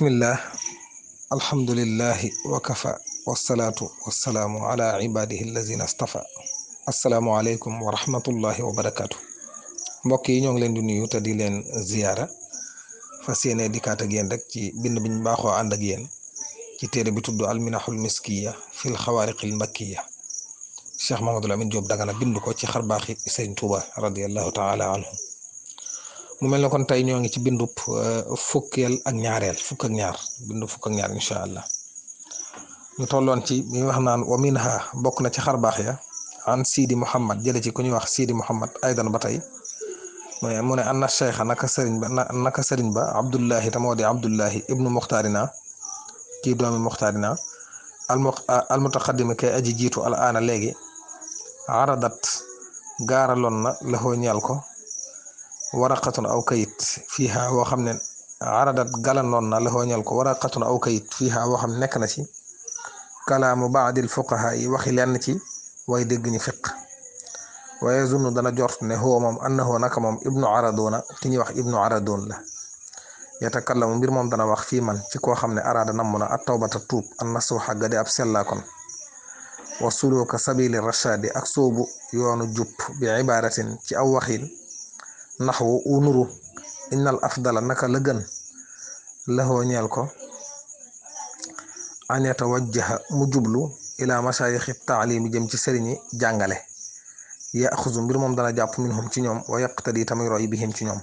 bismillah alhamdulillahi wa kafa wasalaatu wasalaamu ala ibadihi astafa asalaamu aleykum wa rahmatullahi wa barakaatu yi ñoo ngi leen di nuyu te di leen ziyaara fas yéene dikkaat ak yéen rek ci bind biñ baaxoo ànd ak yéen ci téere bi tudd alminahul miskiya fil xawaariqil makkiya cheikh mahamadul amin Diop dagana bind ko ci xarbaaxi sëriñ Tuuba radiallahu taala anhu mu mel ne kon tey ñoo ngi ci bindu euh, fukkeel ak ñaareel fukk ak ñaar bindu fukk ñaar incha allah ñu tolloon ci mi wax naan wa minha bokk na ci xarbaax ya an Sidi Mouhamed jële ci ku ñuy wax Sidi Mouhamed aydan ba tey mu ne a cheikha naka sëriñ ba naka sëriñ ba Abdullahi tamoo di Abdullahi ibnu Muxtaarina kii doomi Muxtaarina al mutaqaddimi kay aji jiitu al aana léegi aradat gaaraloon na laxoo ñeel ko waraqatun aw kayit fiiha woo xam ne aradat galanoon na la hooñal ko waraqatun aw kayit fiiha woo xam ne nekk na ci kalaamu baadil fuqaha yi waxi lenn ci way dégg ñu fiq waaye zunnu dana jort ne xoo moom annahu naka moom ibnu aradoona ti ñuy wax ibnu aradoon la mbir moom dana wax fii ci koo xam ne araada namm na at tawbata tuub an nasuxa gade ab sellaa kon sabili rashadi ak soobu yoonu jub bi ibaratin ci aw waxin naxwu u nuru innal afdala naka la gën laxoo ñeel ko an yatawajjaha mu jublu ila masayixi taalimi jëm ci sëriñi jàngale yaxuzu mbir moom dana jàpp minhum ci ñoom wa yaqtadi tamuy roy bi ci ñoom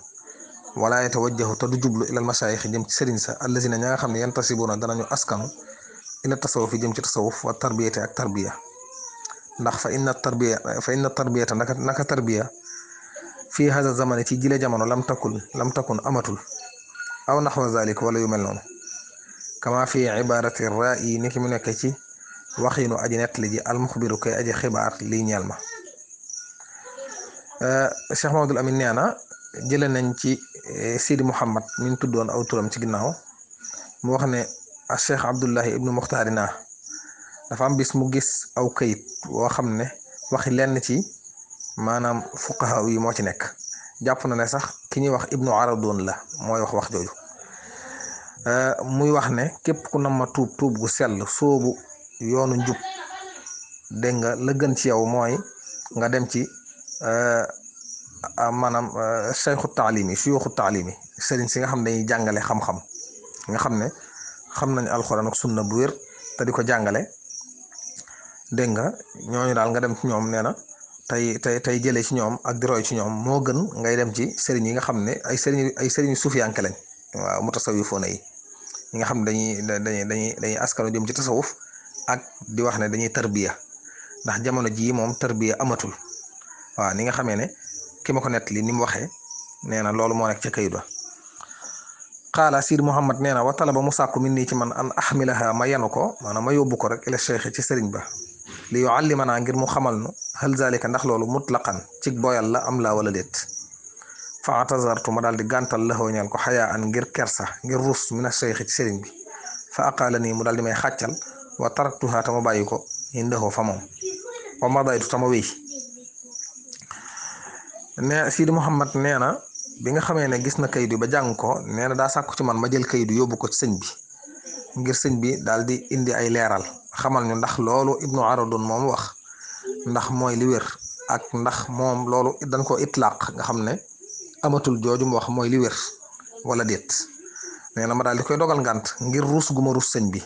wala yatawajjahu te du jublu ilal masayixi jëm ci sëriñ sa allazina ña nga xam ne yantasibuna danañu askanu ila tasawuf jëm ci tasawuf wa tarbiyate ak tarbiya ndax fa inna tarbiya fa inna naka tarbiya fii hasa zamani ci jile jamono lam takkul lam takkun amatul aw naxwa zalik wala yu mel noonu kama fi ibarati ra'i ni mu nekk ci waxinu aji nettali ji almuxbiru koy aji xibaar lii ñeel ma eh, Cheikh Mamadul Amin nee na jële nañ ci eh, Sidi Mouhammad min tuddoon aw turam ci ginnaaw mu wax ne a Cheikh Abdullahi ibnu Muxtaarina dafa am mu gis aw kayit woo ne waxi lenn ci maanaam fuqaha yi moo ci nekk jàpp na ne sax ki ñuy wax ibnu aradoon la mooy wax wax jooju euh, muy wax ne képp ku nam tuub tuub gu sell soobu yoonu njub dégg nga la gën ci yow mooy nga dem ci euh, maanaam euh, sayxu taalim yi suyuxu taalim yi sëriñ si nga xam ne dañuy jàngale xam-xam nga xam ne xam nañ alxuraan ak sunna bu wér te di ko jàngale dégg nga ñooñu daal nga dem ci ñoom nee na tey tey tey jëlee ci ñoom ak di ci ñoom moo gën ngay dem ci sëriñ yi nga xam ne ay sëriñ ay sëriñ suufiyanke lañ waaw mu tasawifoona yi ñi nga xam dañuy dañuy dañuy dañuy askano jëm ci tasawuf ak di wax ne dañuy tarbiya ndax jamono jii moom tarbiya amatul waaw ni nga xamee ne ki ma ko nett li ni mu waxee nee na loolu moo nekk ca kayit ba qaala Sidi Mouhamed nee na wa talaba mu sàkku min nii ci man an axmilaha ma yanu ko maanaam ma yóbbu ko rek ila cheikh ci sëriñ ba li yuallimanaa ngir mu xamal nu hal zalika ndax loolu mutlaqan cig boyal la am laa wala déet fa atazartu ma daal di gàntal laxoo ko xayaa an ngir kersa ngir rus na cheikh ci sëriñ bi fa aqaala nii mu daal di may xàccal wa taraktuha tama bàyyi ko indaxoo fa moom wa madaytu tama wéy ne Sidi Mouhamed nee na bi nga xamee ne gis na kayit yi ba jàng ko nee daa sàkk ci man ma jël kayit yóbbu ko ci sëñ bi ngir sëñ bi daal di indi ay leeral xamal ñu ndax loolu ibnu aradun moom wax ndax mooy li wér ak ndax moom loolu dañ ko itlaq nga xam ne amatul jooju mu wax mooy li wér wala déet nee na ma daal di koy dogal ngant ngir ruus gu ma ruus sëñ bi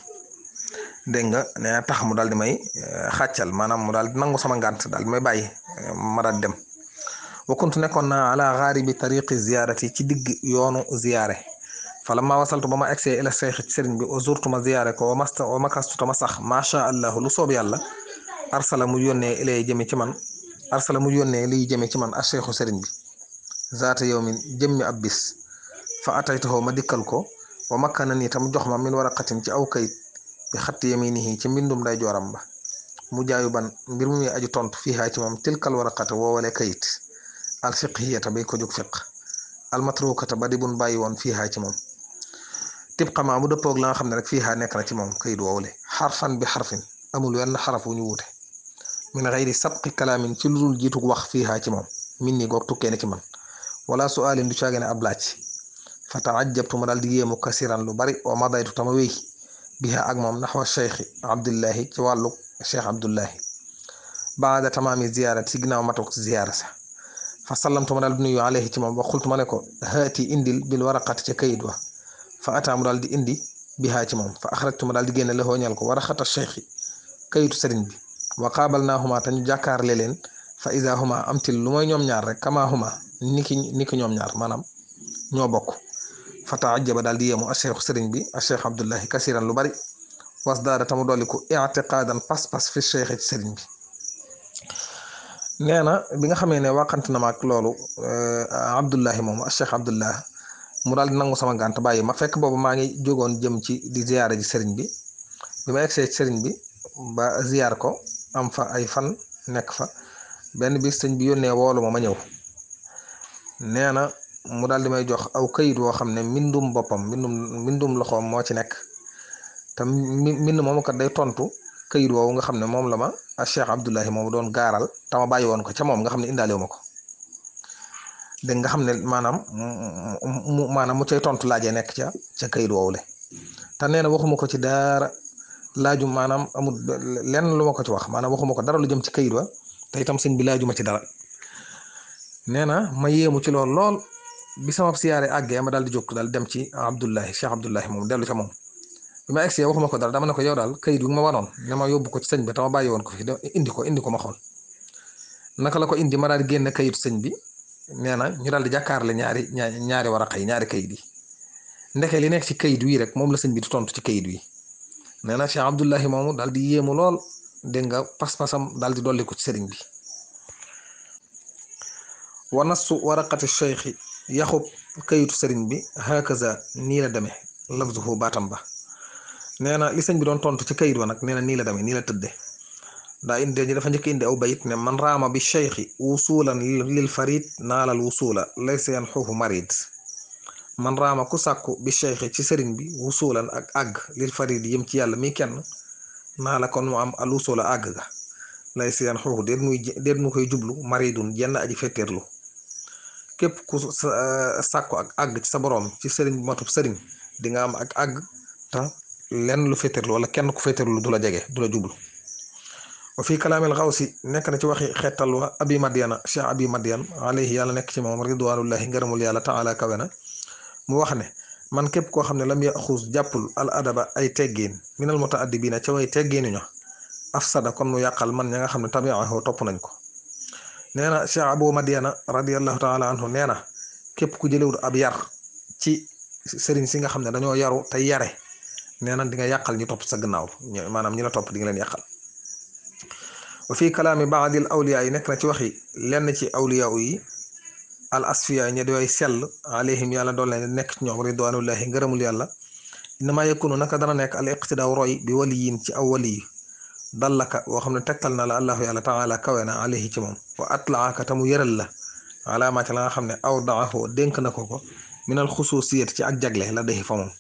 dégg nga nee tax mu daal di may eh, xàccal maanaam mu daal di nangu sama ngant daal di may bàyyi eh, ma daal dem wa kuntu nekkoon naa ala xaari bi ziyaarati ci digg yoonu ziyaare fala ma wasaltu ba ma agsee ila seexi bi o bi ozurtuma ziyaare ko wa masta wa makastutama sax macha allah lu soob yàlla arsala mu yonne ilay jëme ci man arsala mu yónnee liy jëme ci man a seexu sëriñ bi zaata yow min jëmmi ab bis fa ataytuhoo ma dikkal ko wa makkana nii tam jox ma min waraqatin ci aw kayit bi xatti yaminihi ci mbindum nday jooram ba mu jaayu ban mbir mu muy aju tontu fii haa ci moom tilkal waraqata woowale kayit al fiqhiyata bay ko jóg ba di bun bàyyi woon fii ci moom tib xamaa mu dëppoog la xam ne rek fii xaa nekk na ci moom kayit woowule xarfan bi xarfin amul wenn xaraf wu ñu wuute min xayri sabqi kalaamin ci lu dul jiitug wax fi xaa ci moom min ni goog tukkee na ci man wala suaalin du caagee ne ab laaj fa taajabtu ma daal di yéemu kasiran lu bari wa madaytu tama wéy biha ak moom naxwa cheikhi abdullahi ci wàllu cheikh abdullahi baada tamaami ziyaara ci ginnaaw matuk ziyaara sa fa sallamtu ma daal di nuyu alayhi ci moom ma ne ko haati indil bil waraqati wa fa ataa daal di indi bihaa ci moom fa axrajtu ma daal di génne la hooñal ko war a xata cheikhi kayitu sëriñ bi wa qaabal naa huma te ñu jàkkaarle leen fa isa huma am til lu mooy ñoom ñaar rek kama huma niki niki ñoom ñaar maanaam ñoo bokk fa taajaba daal di yéemu a cheikhu sëriñ bi a cheikh abdullahi kasiran lu bari was daada tamu dolliku itiqaadan pas-pas fi cheikhi ci sëriñ bi nee na bi nga xamee ne waqante na maag loolu eh, abdullahi moom a cheikh abdullah mu daal di nangu sama gànt bàyyi ma fekk boobu maa ngi jógoon jëm ci di ziyaara ji sëriñ bi bi ma egsee sëriñ bi ba ziyaar ko am fa ay fan nekk fa benn bi sëñ bi yónnee woolu ma ma ñëw nee na mu daal di may jox aw kayit woo xam ne mbindum boppam mbindum mbindum loxoom moo ci nekk te mbind moom kat day tontu kayit woowu nga xam ne moom la ma Cheikh Abdoulahi moom doon gaaral te ma bàyyi woon ko ca moom nga xam ne indaale ma ko. dégg nga xam ne maanaam mu maanaam mu tontu laaje nekk ca ca kayit woowu le te na waxuma ko ci dara laaju maanaam amul lenn lu ma ko ci wax maanaam waxuma ko dara lu jëm ci kayit wa te itam sëñ bi laajuma ci dara nee na ma yéemu ci lool lool bi sama siyaare àggee ma daal di jóg daal dem ci Abdullahi Cheikh Abdullahi moom dellu ca moom bi ma egsee waxuma ko dara dama ne ko yow daal kayit bi ma waroon ne ma yóbbu ko ci sëñ bi te ma woon ko fi indi ko indi ko ma xool naka indi ma daal di génn bi. nee na ñu daal di jàkkaarle ñaari ñaari waraqa yi ñaari kayit yi ndeke li nekk ci kayit wi rek moom la sëñ bi di tontu ci kayit wi nee na Cheikh Abdullahi moomu daal di yéemu lool dégg nga pas-pasam daal di dolli ko ci sëriñ bi wa nassu waraqati cheikhi yaxub kayitu sëriñ bi hakaza nii la demee lafzuhu baatam ba nee na li sëñ bi doon tontu ci kayit wa nag nee na nii la demee nii la tëdde daa indi dafa njëkk indi aw bayit ne man raama bi cheikhi usulan lil farid naalal wusula laysa yan xuufu marid man raama ku sàkku bi cheikhi ci sëriñ bi wusulan ak àgg lil farid yëm ci yàlla mi kenn naa la kon mu am al wusula àgg ga laysa yan xuufu déet muy déet mu koy jublu maridun jenn aji fetteerlu képp ku euh, sàkku ak àgg ci sa boroom ci sëriñ bi matub sëriñ di nga am ak àgg te lenn lu fetteerlu wala kenn ku fetteerlu du la jege du la jublu wa fi kalaamil xawsi nekk na ci waxi xettal wa abi madiana cheikh abi madian alayhi yàlla nekk ci moom ridwanullahi ngërëmul yàlla taala kawe na mu wax ne man képp koo xam ne lam yaxuus jàppul al adaba ay teggiin minal mutaaddibiina ca way teggiinuña afsada kon mu yàqal man ña nga xam ne tabiahu topp nañ ko nee na cheikh abu madiana radiallahu taala anhu nee na képp ku jëlewul ab yar ci sëriñ si nga xam ne dañoo yaru te yare nee na di nga yàqal ñu topp sa gannaaw maanaam ñi la topp di nga leen yàqal wa fi kalaami baadil awliyaa yi nekk na ci waxi lenn ci awliyaa yi al asfiya yi ñe diwaay sell alayhim yàlla dool leen nekk ci ñoom ridwanullahi ngërëmul yàlla innama yakunu naka dana nekk al iqtidaa roy bi waliyin ci aw wali yi dallaka woo xam ne tegtal na la allahu yàlla taala kawe na alayhi ci moom wa atlaaka tamu yëral la alaamaa ca la nga xam ne aw daaxoo dénk na ko ko minal xusuusiyat ci ak jagle la dexi fa moom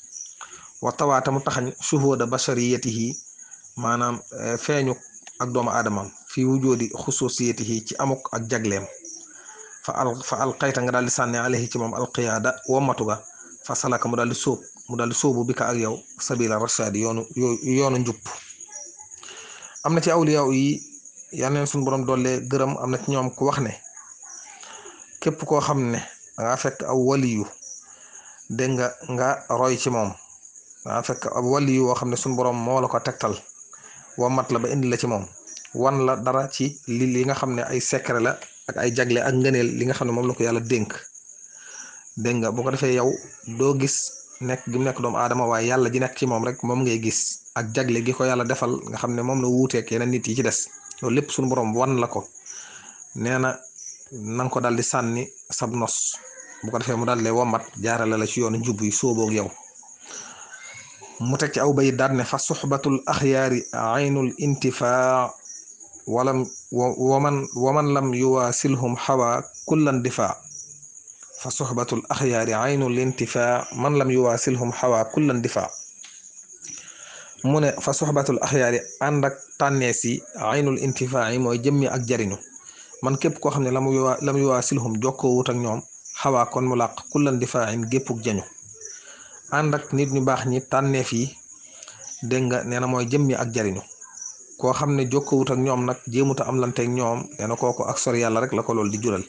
wa tawaatamu taxañ shuhuda bashariyatihi maanaam eh, feeñu ak doomu aadamam fi wujoodi xususiyatihi ci amuk a jagleem fa al fa alqayta nga daal di sànni alayhi ci moom woo womatu ga fa salaka mu daal di sóob mu daal di sóobu bi ka ak yow sabila rashaadi yoonu yoonu njub am na ci awliya yi yal neen suñu borom doole gërëm am na ñoom ku wax ne képp koo xam ne danga fekk a waliyu dégg nga nga roy ci moom danga fekk aw waliyu woo xam ne suñu borom moo la ko tegtal mat la ba indi la ci moom wan la dara ci li li nga xam ne ay secret la ak ay jagle ak ngëneel li nga xam ne moom la ko yàlla dénk dégg nga bu ko defee yow doo gis nekk gi mu nekk doomu aadama waaye yàlla ji nekk ci moom rek moom ngay gis ak jagle gi ko yàlla defal nga xam ne moom la wuuteek yeneen nit yi ci des loolu lépp suñu borom wan la ko nee na na ko daal di sànni sab nos bu ko defee mu daal di womat jaarale la ci yoonu jub yi sóoboog yow mu teg ci aw bayit daal ne fa suxbatul axyaari aynul intifaa walam waman waman lam yuwaasilhum xawaa kullan difaa fa soxbatul axyaari aynul intifaa man lam yuwaasilhum xawaa kullan difaa mu ne fa soxbatul axyaari ànd ak tànnees yi aynul intifaa yi mooy jëmmi ak jariñu man képp koo xam ne la mu la mu yuwaasilhum ak ñoom xawa kon mu làq kullan difaa in géppuk jañu ànd nit ñu baax ñi tànneef yi dégg nga nee na mooy jëmmi ak jariñu koo xam ne jokkowut ak ñoom nag jéemuta am lanteeg ñoom nee na kooku ak sor yàlla rek la ko loolu di jural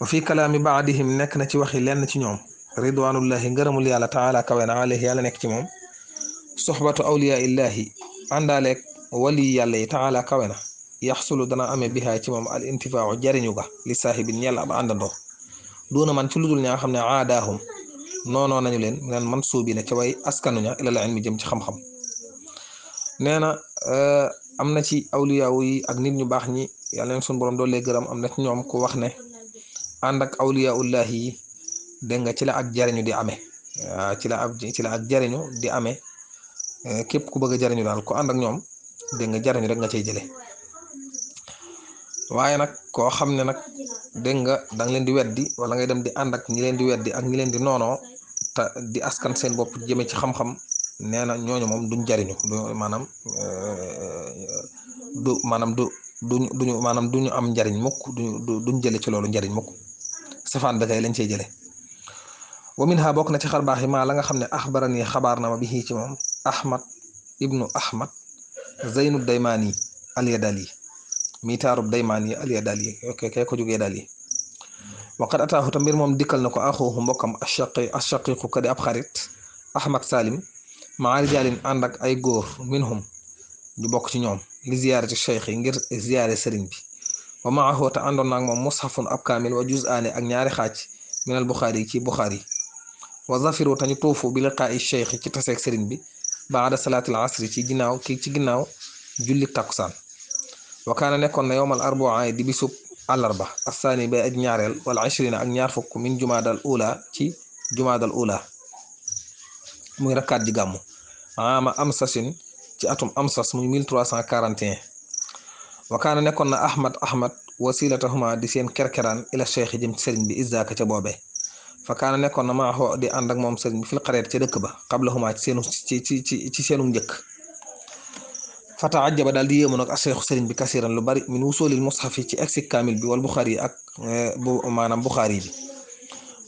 wa fi kalaami baadihim nekk na ci waxi lenn ci ñoom ridwanullahi ngërëmul yàlla taala kawen alayhi yàlla nekk ci moom soxbatu awliya illahi àndaaleeg wali yàlla yi taala kawe na yaxsulu dana amee bihaa ci moom al intifaaxu jariñu ga li saahibin ñel ab àndandoo duuna man ci lu ña xam ne aadaahum noonoo nañu leen leen man suubi ne ca way askanuña ilal ilmi jëm ci xam-xam nee Euh, am na ci awliyaaw yi ak nit ñu baax ñi yàlla na suñu dool doolee gërëm am na ci ñoom ku wax ne ànd ak awliyaaullahi yi dégg nga ci la ak jariñu di amee waaw ci la ci la ak jariñu di amee euh, képp ku bëgg a jariñu daal ku ànd ak ñoom dégg nga jariñu rek nga cay jëlee waaye nag koo xam ne nag dégg nga da leen di weddi wala ngay dem di ànd ak ñi leen di weddi ak ñi leen di noonoo te di askan seen bopp jëmee ci xam-xam nee na ñooñu moom duñ jariñu du maanaam eh, du maanaam du duñ duñu maanaam duñu am njariñ mukk duñ duñ jële ci loolu njariñ mukk safaan ba kay lañ cey jële wa bokk na ci baax yi ma la nga xam ne axbarani xabaar na ma bi ci moom ahmad ibnu ahmad zeynu daymaani alyadali mi taarub daymaani alyadali ok kay ko jógee dal yi waqad ataahu ta mbir moom dikkal na ko axoohu mbokkam ashaqi ashaqiqu kadi ab xarit ahmad salim ma rijaalin ànd ak ay góor minhum ñu bokk ci ñoom li ziyaare ci yi ngir ziyaare sëriñ bi wa maahu te àndoon naag moom mushafun ab kaamil wa juz'aani ak ñaari xaaj minal buxaari ci buxaari wa zafiru tañu tuufu bi liqaa'i cheikh ci bi baada salaatil asri ci ginnaaw kii ci ginnaaw julli takkusaan wa kaana nekkoon na yowmal arbaa di bisub àllarba assaani bay aj ñaareel wala ak ñaar fukk min jumaadal ula ci jumaadal ula muy rakkaat ji ah, ma ama amsasin ci atum amsas muy 1341 wa kaana nekkoon na ahmad ahmad wasilatahuma di seen kerkeraan ila cheikh jëm ci sëriñ bi izaka ca boobe fa nekkoon na maaxoo di ànd moom sëriñ bi fil ca dëkk ba xablahuma ci seenu ci ci ci seenum njëkk fa taajaba daal di yéemu nag ak cheikhu sëriñ bi kasiran lu bari min wusulil mushafi ci egsi kaamil bi wal buxaari yi ak eh, bu maanaam buxaari bi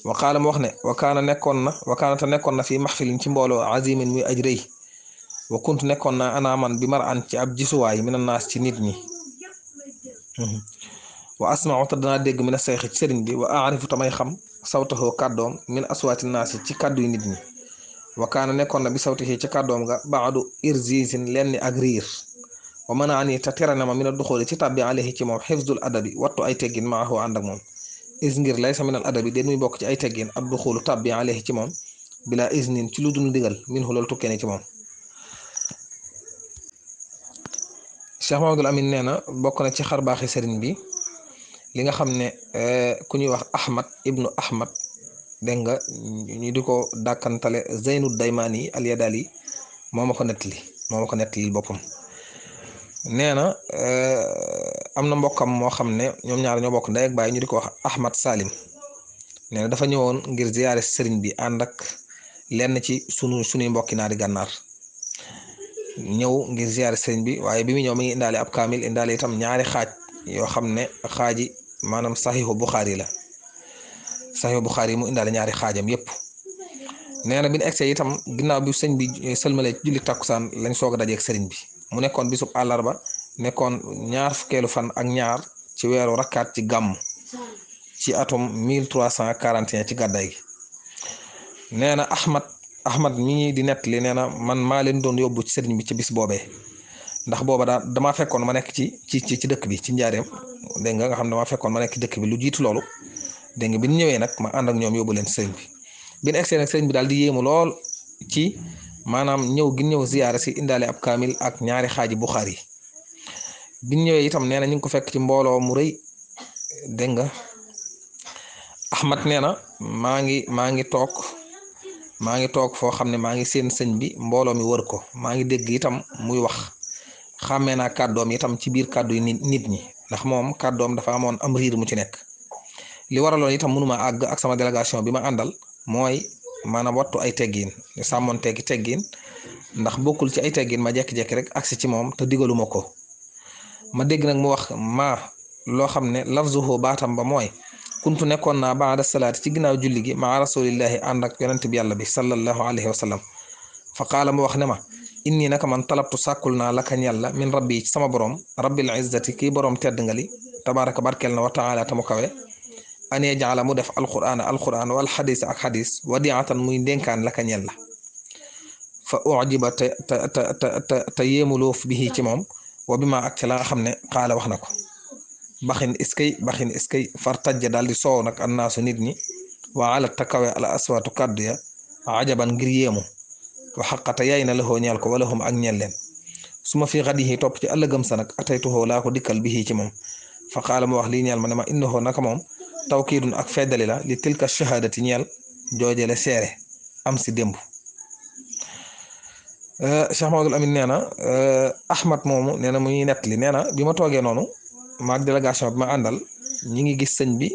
wa qaala wax ne wakaana kaana nekkoon na wa nekkoon na fii maxfilin ci mbooloo azimin muy aj rëy wa nekkoon na ana man bi mar an ci ab gisuwaay mina naas ci nit ñi wa asmau te danaa dégg mina seyxi ci sëriñ bi wa aarifu tamay xam sawtaxoo kàddoom min aswaati naas yi ci kàddu yu nit ñi wa kaana nekkoon na bi sawtaxi ci kàddoom nga baadu irzisin lenn ak riir wa mën a ani te tere ma mina duxooli ci tàbbi alayhi ci moom xifdul adabi wattu ay teggin maaxoo ànd ak moom is ngir lay sa minal adabi déet muy bokk ci ay teggin ab du xoolu tàbbi alayhi ci moom bilaa isnin ci lu dul ndigal min xoolal tukkee ne ci moom. Cheikh Mamadou Amin nee na bokk na ci xarbaaxi sëriñ bi li nga xam ne eh, ku ñuy wax Ahmad ibnu Ahmad dégg nga ñu di ko dàkkantale Zeynu Daymaani al Yadali moo ma ko nettali moo ma ko nettali boppam. nee na euh, am na mbokkam moo xam ne ñoom ñaar ñoo bokk nda ak baay ñu di ko wax Ahmad Salim nee dafa ñëwoon ngir ziyaare sëriñ bi ànd ak lenn ci sunu sunuy mbokki naa gànnaar ñëw ngir ziyaare sëriñ bi waaye bi mu ñëw mi ngi indaale ab kaamil indaale itam ñaari xaaj yoo xam ne xaaji maanaam saxiixu Buxaari la saxiixu Buxaari mu indaale ñaari xaajam yépp nee na bi ñu itam ginnaaw bi sëñ bi eh, sëlmalee ci julli takkusaan lañ soog a dajeeg sëriñ bi. mu nekkoon bisub àllarba nekkoon ñaar fukkeelu fan ak ñaar ci weeru rakkaat ci gàmm ci atum 1341 ci gàddaay gi nee na Ahmad Ahmad mii di nettali nee na man maa leen doon yóbbu ci sëriñ bi ci bis boobee ndax booba daal damaa fekkoon ma nekk ci ci ci dëkk bi ci njaareem dégg nga xam ne damaa fekkoon ma nekk ci dëkk bi lu jiitu loolu dégg nga bi ñu ñëwee nag ma ànd ñoom yóbbu leen sëriñ bi bi ñu sëriñ bi daal di yéemu lool ci. maanaam ñëw gi ñëw si indaale ab kaamil ak ñaari xaaji buxaar yi bi ñëwee itam nee na ñu ngi ko fekk ci mbooloo mu rëy dégg nga Ahmad nee na maa ngi maa ngi toog maa ngi toog foo xam ne maa ngi seen sëñ bi mbooloo mi wër ko maa ngi dégg itam muy wax xàmmee naa kàddoom itam ci biir kàddu yi nit ñi ndax moom kàddoom dafa amoon am riir mu ci nekk li waraloon itam mënuma àgg ak sama délégation bi ma àndal mooy maanaam wattu ay teggiin ñu sàmmoon teggi teggiin ndax bokkul ci ay teggiin ma jekki-jekki rek agsi ci moom te digaluma ko ma dégg nag mu wax ma loo xam ne lafzuhu baatam ba mooy kuntu nekkoon naa baada salaati ci ginnaaw julli gi maa rasulillahi ànd ak yonent yàlla bi sallallahu alayhi wa sallam fa qaala wax ne ma inni naka man talabtu sàkkul naa laka ñàlla min rabbi ci sama borom rabbil izzati kii borom tedd nga li tabaraka barkeel na wa taala tamu kawe an yajaala mu def alqur'aan alqur'aan wal xadis ak xadis wadiatan muy ndénkaan laka ñel la fa ujiba te te te te te yéemuloof bi ci moom wa bi ak ci la xam ne xaala wax na ko baxin iskay baxin iskay fartajja daal di soow nag annaasu nit ñi waa ala takawe al aswaatu a ya ajaban ngir yéemu wa xaqata yaay na lahoo ñeel ko wala hum ak ñel leen su ma fi xadihi topp ci ëllëgam sa nag ataytuhoo laa ko dikkal bi ci moom fa xaala mu wax li ñeel ma ne ma innahu naka taw tawkiidun ak feddali la li tilka shahaadati ñeel joojele seere am si démb euh, Cheikh Mahamadul Amin nee na euh, Ahmad moomu nee na mu ñuy nettali nee na bi ma toogee noonu maag délégation bi ma àndal ñi ngi gis sëñ bi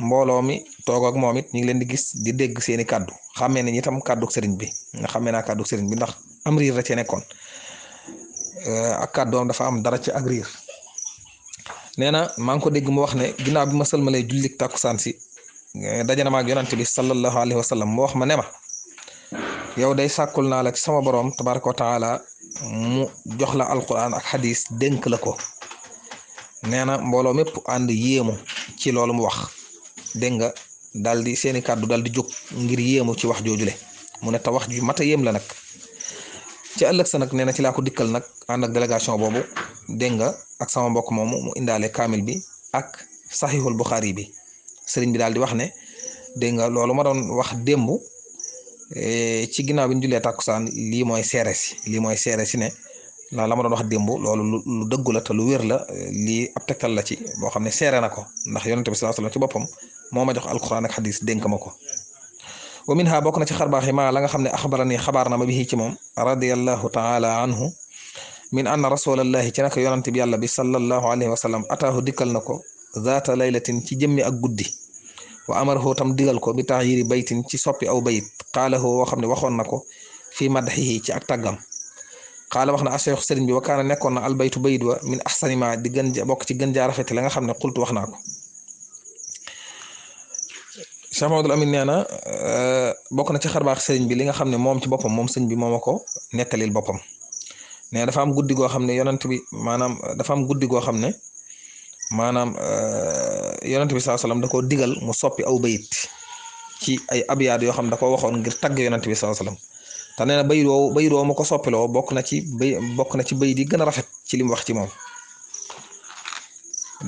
mbooloo mi toog ak moom it ñi ngi leen di gis di dégg seeni kàddu xàmmee nañ itam kàdduk sëriñ bi nga xàmmee naa kàdduk sëriñ bi ndax am riir la cee nekkoon euh, ak kàddoom dafa am dara ci ak riir nee na maa ngi ko dégg mu wax ne ginnaaw bi ma sëlmalee jullik tàkkusaan si eh, daje na ma ak yonante bi sallallahu alayhi wa sallam mu wax ma ne ma yow day sàkkul naa la sama borom tabaraka wa taala mu jox la alquran ak xadis dénk la ko nee na mbooloo mépp ànd yéemu ci loolu mu wax dégg nga daal seeni kàddu daal di jóg ngir yéemu ci wax jooju joojule mu ne te wax ju mat yéem la nag ci ëllëg sa nag nee na ci laa ko dikkal nag ànd ak délégation boobu dégg nga ak sama mbokk moomu mu indaale kaamil bi ak saxiixul buxaari bi sëriñ bi daal di wax ne dégg nga loolu ma doon wax démb e, ci ginnaaw bi ñu jullee tàkkusaan lii mooy seere si lii mooy seere si ne la la ma wax démb loolu lu dëggu la te lu wér la e, lii ab tegtal la ci boo xam ne seeree na ko ndax yonente bi sallallahu alayhi ci boppam moo ma jox alquran ak xadis dénk ma ko wa minha bokk na ci xarbaax yi ma la nga xam ne axbarani xabaar na ma bi ci moom radiallahu taala anhu min anna rasulallahi ci naka yonante bi yàlla bi sallallahu alayhi wa sallam ataahu dikkal na ko zaata laylatin ci jëmmi ak guddi wa amarahu tam digal ko bi taxyiri baytin ci soppi aw bayit xaalahu woo xam ne waxoon na ko fii madxihi ci ak tàggam xaala wax na aseex sëriñ bi wa kaana nekkoon na albaytu bayit wa min axsani ma di gën bokk ci gën rafet la nga xam ne xultu wax naa ko Cheikh Mamadou Amin nee na euh, bokk na ci xarbaax sëriñ bi li nga xam ne moom ci boppam moom sëñ bi moom ko nettalil boppam nee dafa am guddi goo xam ne yonent bi maanaam dafa am guddi goo xam ne maanaam euh, yonent bi saa salaam da koo digal mu soppi aw bayit ci ay abiyaat yoo xam ne da waxoon ngir tagg yonent bi saa salaam te nee na bayit woowu bayit woowu ma ko soppiloo bokk na ci bay bokk na ci bayit yi gën a rafet ci li wax ci moom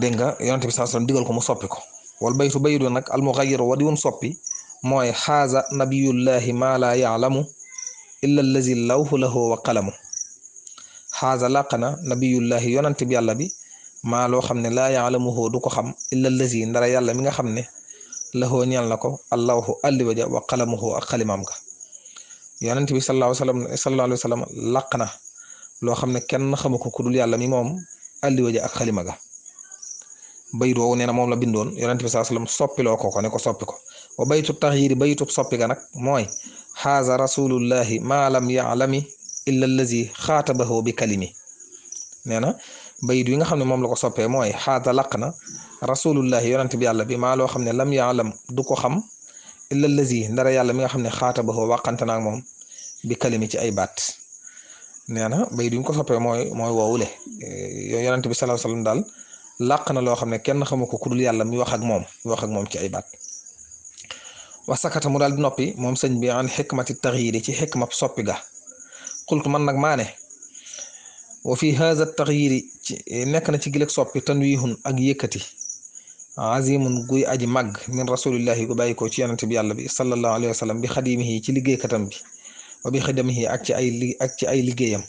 dégg nga yonent bi saa digal ko mu soppi ko. wal baytu baydu nag al muxayiru wadiwun soppi mooy xaaza nabiyullahi la laa yaalamu illa allazi lawhu lahu wa qalamu xaaza làqana nabiyullahi yonante bi yàlla bi loo xam ne la yaalamuhu du ko xam illa allazi ndara yàlla mi nga xam ne lahoo ñeel na ko allawhu alliwa ja wa qalamuhu ak xalimaam ka yonante bi sallallahu alayhi wa sallam xam ne kenn xamu ko ku dul yàlla mi moom alliwa ja ak xalima ga baytu woowu nee na moom la bindoon yonent bi saa sallam soppiloo ko ko ne ko soppi ko wa baytu taxyiiri baytu soppi ga nag mooy xaaza rasulullahi ma lam yaalami illa allazi xaatabahu bi kalimi nee na bayit yi nga xam ne moom la ko soppee mooy xaaza laq na rasulullahi yonent bi yàlla bi maa loo xam ne lam yaalam du ko xam illa allazi ndara yàlla mi nga xam ne xaatabahu wàqante naag moom bi kalimi ci ay baat nee na bayit yi ko soppee mooy mooy woowule yonent bi salaa sallam daal làq na loo xam ne kenn xamu ko ku dul yàlla muy wax ak moom muy wax ci ay baat sakata mu daal di noppi moom sañ bi an xikmati taxyiri ci xikma soppi ga xultu man nag maane ne wa fi haza taxyiri ci nekk na ci gileg soppi tan tanwihun ak yëkkati azimun guy aji màgg min rasulillahi gu bàyyi ko ci yonante bi yàlla bi sallallahu alayhi wa sallam bi xadimihi ci liggéeykatam bi wa bi xadamihi ak ci ay ak ci ay liggéeyam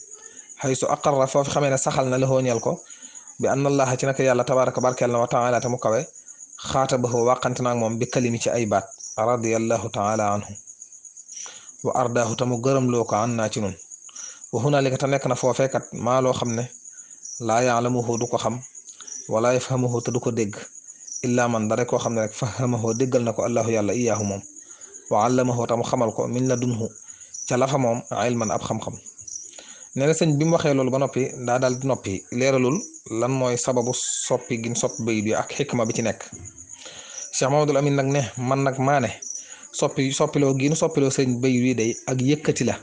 xaysu aqarra foofu xamee ne saxal na la ko bi an allaha ci naka yàlla tabaraka barkeel na wa taala ta mu kawe xaata ba xoo wàqante moom bi kalimi ci ay baat radiallahu taala anhu wa ardaahu ta mu gërëm loo ko an naa ci nun wa hunaalika te nekk na foofeekat maa loo xam ne laa yaalamuhu du ko xam wala yafhamuhu te du ko dégg illaa man dara koo xam ne rek fahamahu déggal na ko allahu yàlla iyaahu moom wa allamahu ta mu xamal ko min la dunhu ca lafa moom ilman ab xam-xam nee na sëñ bi mu waxee loolu ba noppi daa daal di noppi leeralul lan mooy sababu soppi gim soppi bayit bi ak xikma bi ci nekk Cheikh Mamadou Amin nag ne man nag maane ne soppi soppiloo gi nu soppiloo sëñ bayit wii day ak yëkkati la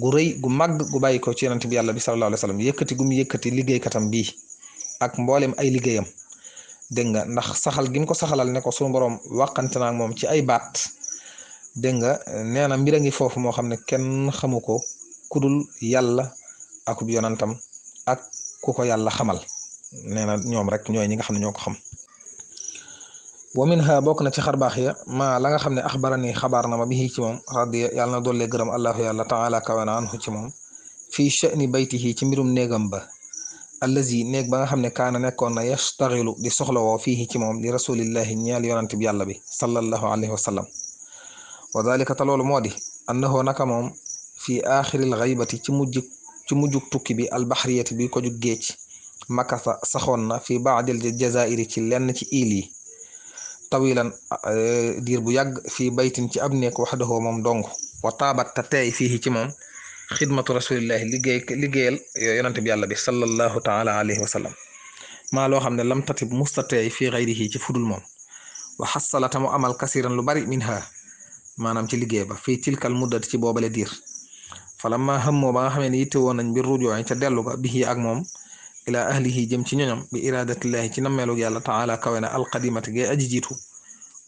gu rëy gu màgg gu bàyyi ko ci yonent bi yàlla bi sallallahu alayhi wa sallam yëkkati gum yëkkati katam bii ak mboolem ay liggéeyam dégg nga ndax saxal gi ko saxalal ne ko suñu borom naa moom ci ay baat dégg nga nee na a ngi foofu moo xam ne kenn xamu ko kudul yàlla akub yonantam ak ku ko yàlla xamal nee na ñoom rek ñooy ñi nga xam ne ñoo ko xam wa minha bokk na ci xarbaax ya ma la nga xam ne axbarani xabaar na ma bi ci moom radi yàlla na dollee gërëm allahu yàlla taala kawana anhu ci moom fii chani baytihi ci mbirum néegam ba allazi néeg ba nga xam ne kaana nekkoon na yastaxilu di soxlawoo fii ci moom di rasulillahi ñeel yonante bi yàlla bi sallallahu alayhi wa sallam wa dalika te loolu moo di annahoo naka moom fi axiril xaybati ci mujj ci mujjug tukki bi albaxriyati bi ko jug géej makasa saxoon na fi baadil jazairi ci lenn ci iil yi tawilan eh, diir bu yàgg fii baytin ci ab nekk wax moom dong wa taabat te teey fii ci moom xidmatu rasulillahi liggéey liggéeyal yonante bi yàlla bi sallallahu taala alayhi wa sallam maa loo xam ne lam tatib musta teey fii xayrihi ci fudul moom wa xassalata amal kasiran lu bari minha maanaam ci liggéey ba fii tilkal muddat ci boobale diir falamma hammoo ba nga xamee ne yitte woon nañ mbir rujooy ca dellu ga bihi ak moom ilaa ahlihi jëm ci ñoñom bi iradatillahi ci nammeelug yàlla taala kawe na alqadimati gay aji jiitu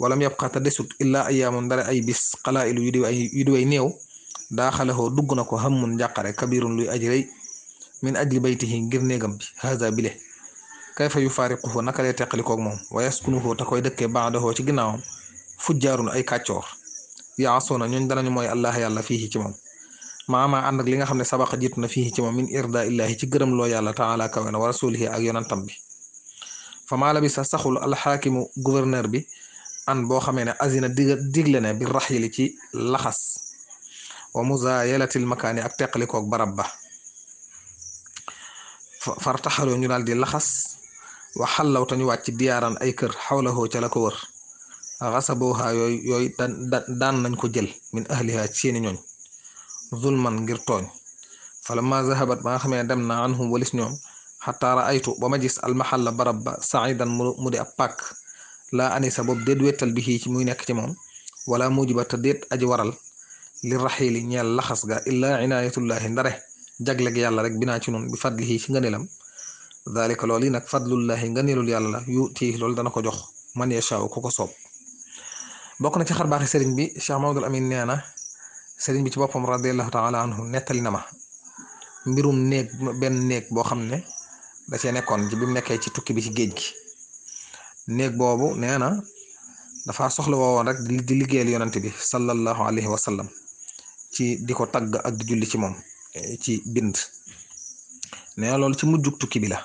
walam yabqa ta desut illaa ayyaamun dara ay bis xalaa'ilu yu di ay yu di way néew dugg na ko hammun njàqare kabirun luy aji rëy min ajli baytihi ngir néegam bi haza bile kayfa yu faariquhu naka lay teqalikoog moom wa yaskunuhu ta koy dëkke dëkkee baadahoo ci ginnaawam fujjaarun ay kàccoor yaasoona ñooñ danañu mooy allah yàlla fii ci moom maama ànd ak li nga xam ne sabaqa jiitu na fii ci moom min irda illahi ci gërëm loo yàlla taala kawe na wa rasulihi ak yonantam bi fa maa la bi sa saxul alxaakimu gouverneur bi an boo xamee ne azina diga digle ne bi raxyili ci laxas wa muzaayalatil makaani ak teqalikoog barab ba fartaxaloo ñu daal di laxas wa xallaw tañu wàcc diyaaran ay kër xawlahoo ca la ko wër xasabooha yooyu yooyu daan nañ ko jël min ahliha ci seeni ñooñ zulman ngir tooñ falamma zahabat ba nga xamee dem na anhum walis ñoom xataa raaytu ba ma gis almaxalla barab ba saidan mu di ab pàkk laa anisa boobu déet wéttal bi ci muy nekk ci moom wala mujiba te déet aji waral li raxiili ñeel laxas ga illaa inaayatullaahi ndare jagleg yàlla rek binaa ci noonu bi fadlihi ci ngëneelam daalika loolu yi nag fadlullaahi ngëneelul yàlla yuuti loolu dana ko jox man yashaa ku ko soob bokk na ci xarbaaxi sëriñ bi Cheikh Mamadou Amin nee na sëriñ bi ci boppam radiallahu taala anhu nettali na ma mbirum néeg benn néeg boo xam ne da cee nekkoon ci mekkee ci tukki bi ci géej gi néeg boobu nee na dafa soxla woowoon rek di liggéeyal yonante bi sallallahu alayhi wa ci di ko tagg ak di julli ci moom eh, ci bind nee na ci mujjug tukki bi la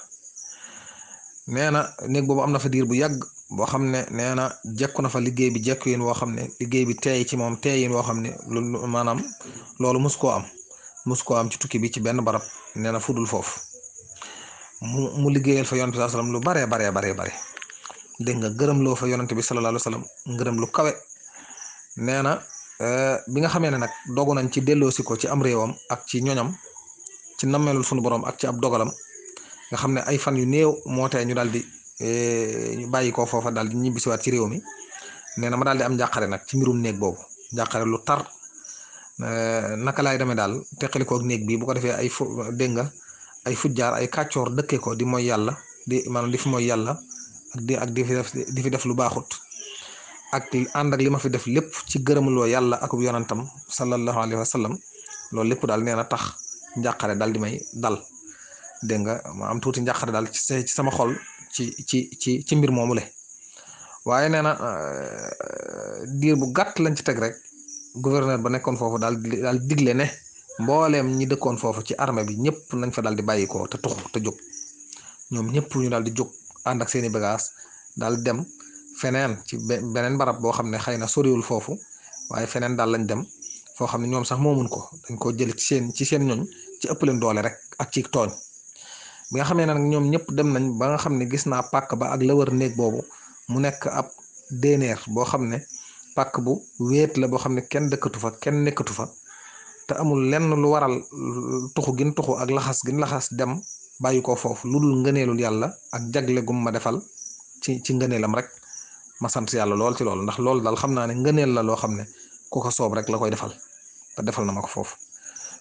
néeg boobu am na fa diir bu yàgg boo xam ne nee na jekku na fa liggéey bi jekku yin woo xam ne liggéey bi teey ci moom teeyin woo xam ne loolu maanaam loolu mus koo am mus koo am ci tukki bi ci benn barab nee na fudul foofu mu mu liggéeyal fa yonante bi sallam lu baree baree baree bare dégg nga gërëm loo yonante bi sallallahu alayhi wa sallam ngërëm lu kawe nee na eh, bi nga xamee ne nag dogu nañ ci delloosi ko ci am réewam ak ci ñoñam ci nammeelul sunu borom ak ci ab dogalam nga xam ne ay fan yu néew moo tee ñu daal di Eh, bàyyi ko foofa daal di ñibbisiwaat ci réew mi nee na ma daal di am njàqare nag ci mbirum néeg boobu njàqare lu tar eh, naka laay demee daal teqali ko ak néeg bi bu ko defee ay fu dégg nga ay fujjaar ay kàccoor dëkkee ko di mooy yàlla di maanaam di fi mooy yàlla ak di fi def di fi def lu baaxut ak ànd ak li ma fi def lépp ci gërëmuloo yàlla akub yonantam sallallahu alayhi wa sallam loolu lépp daal nee na tax njàqare daal di may dal dégg nga ma am tuuti njàqare daal ci sama xol. ci ci ci ci mbir moomu le waaye nee na euh, diir bu gàtt lañ ci teg rek gouverneur ba nekkoon foofu daal daal digle ne mbooleem ñi dëkkoon foofu ci armée bi ñëpp nañ fa daal di bàyyi ko te tuxu te jóg ñoom ñëpp ñu daal di jóg ànd ak seeni bagaas daal dem feneen ci beneen barab boo xam ne xëy na soriwul foofu waaye feneen daal lañ dem foo xam ne ñoom sax moomun ko dañ koo jële ci seen ci seen ñoñ ci ëpp leen doole rek ak ci tooñ bi nga xamee nag ñoom ñëpp dem nañ ba nga xam ne gis naa pàkk ba ak la wër néeg boobu mu nekk ab déeneer boo xam ne pàkk bu wéet la boo xam ne kenn dëkkatu fa kenn nekkatu fa te amul lenn lu waral tuxu gin tuxu ak laxas gin laxas dem bàyyi ko foofu lu dul ngëneelul yàlla ak jagle gum ma defal ci ci ngëneelam rek ma sant yàlla lool ci loolu ndax loolu daal xam naa ne ngëneel la loo xam ne ku ko soob rek la koy defal te defal na ma ko foofu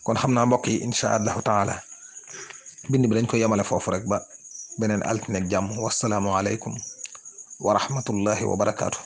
kon xam naa mbokk yi incha bind bi dañ ko yemale foofu rek ba beneen altine ak jàmm wasalaamualeykum wa rahmatullahi wa barakaatu.